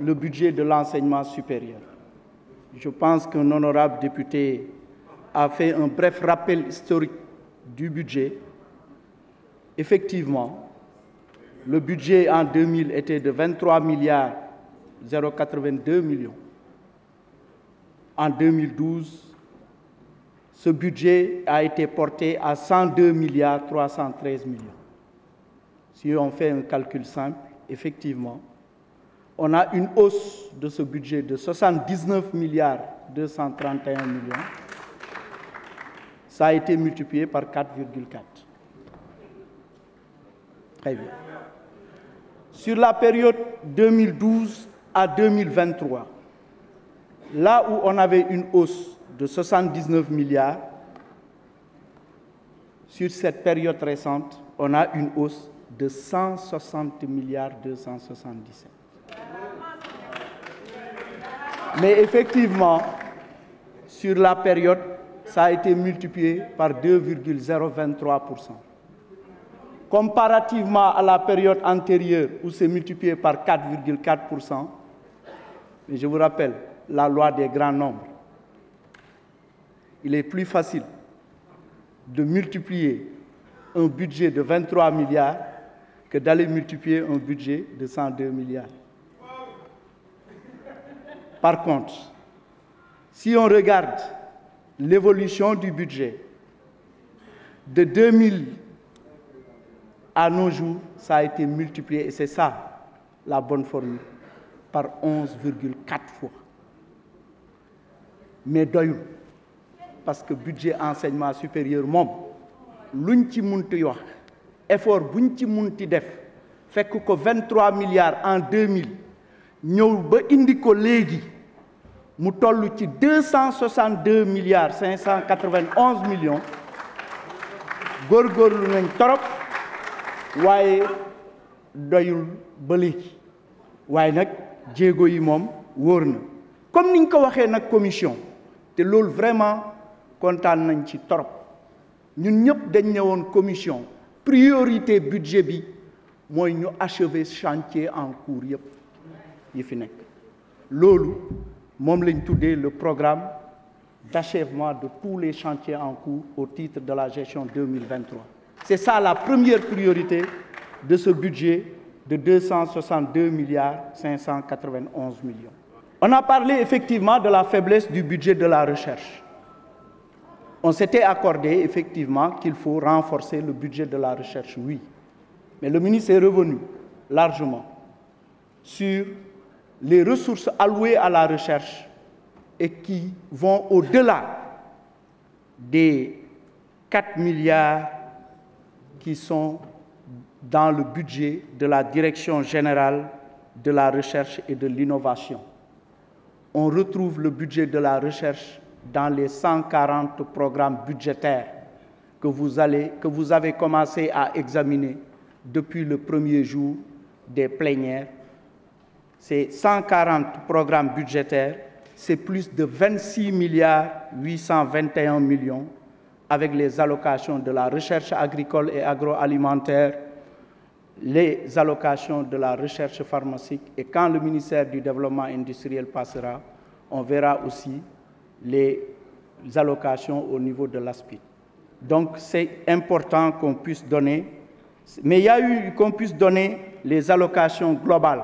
le budget de l'enseignement supérieur. Je pense qu'un honorable député a fait un bref rappel historique du budget. Effectivement, le budget en 2000 était de 23 milliards 082 millions. En 2012, ce budget a été porté à 102 milliards 313 millions. Si on fait un calcul simple, effectivement, on a une hausse de ce budget de 79 milliards 231 millions. Ça a été multiplié par 4,4. Très bien. Sur la période 2012 à 2023, là où on avait une hausse de 79 milliards, sur cette période récente, on a une hausse de 160 milliards 277. Mais effectivement, sur la période, ça a été multiplié par 2,023%. Comparativement à la période antérieure où c'est multiplié par 4,4%, mais je vous rappelle la loi des grands nombres. Il est plus facile de multiplier un budget de 23 milliards que d'aller multiplier un budget de 102 milliards. Par contre, si on regarde l'évolution du budget de 2000 à nos jours, ça a été multiplié, et c'est ça la bonne formule, par 11,4 fois. Mais d'où parce que budget enseignement supérieur moom luñ ci munti effort buñ def 23 milliards en 2000 nous indi mu toll ci 262 milliards 591 millions góorgóorlu torop waye doyul ba léegi waaye nag djego yi mom worna comme niñ ko waxé nak commission te lool vraiment contane nañ ci torop ñun ñëpp dañ ne commission priorité budget bi moy ñu achever chantier en cours yëpp yi fi loolu le programme d'achèvement de tous les chantiers en cours au titre de la gestion 2023. C'est ça la première priorité de ce budget de 262 milliards 591 millions. On a parlé effectivement de la faiblesse du budget de la recherche. On s'était accordé effectivement qu'il faut renforcer le budget de la recherche, oui. Mais le ministre est revenu largement sur les ressources allouées à la recherche et qui vont au-delà des 4 milliards qui sont dans le budget de la Direction générale de la recherche et de l'innovation. On retrouve le budget de la recherche dans les 140 programmes budgétaires que vous, que vous avez commencé à examiner depuis le premier jour des plénières c'est 140 programmes budgétaires, c'est plus de 26 milliards 821 millions avec les allocations de la recherche agricole et agroalimentaire, les allocations de la recherche pharmaceutique et quand le ministère du développement industriel passera, on verra aussi les allocations au niveau de l'ASPIT. Donc c'est important qu'on puisse donner, mais il y a eu qu'on puisse donner les allocations globales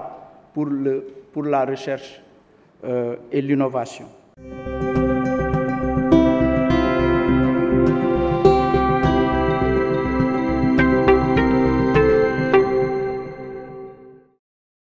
pour, la recherche euh, et l'innovation.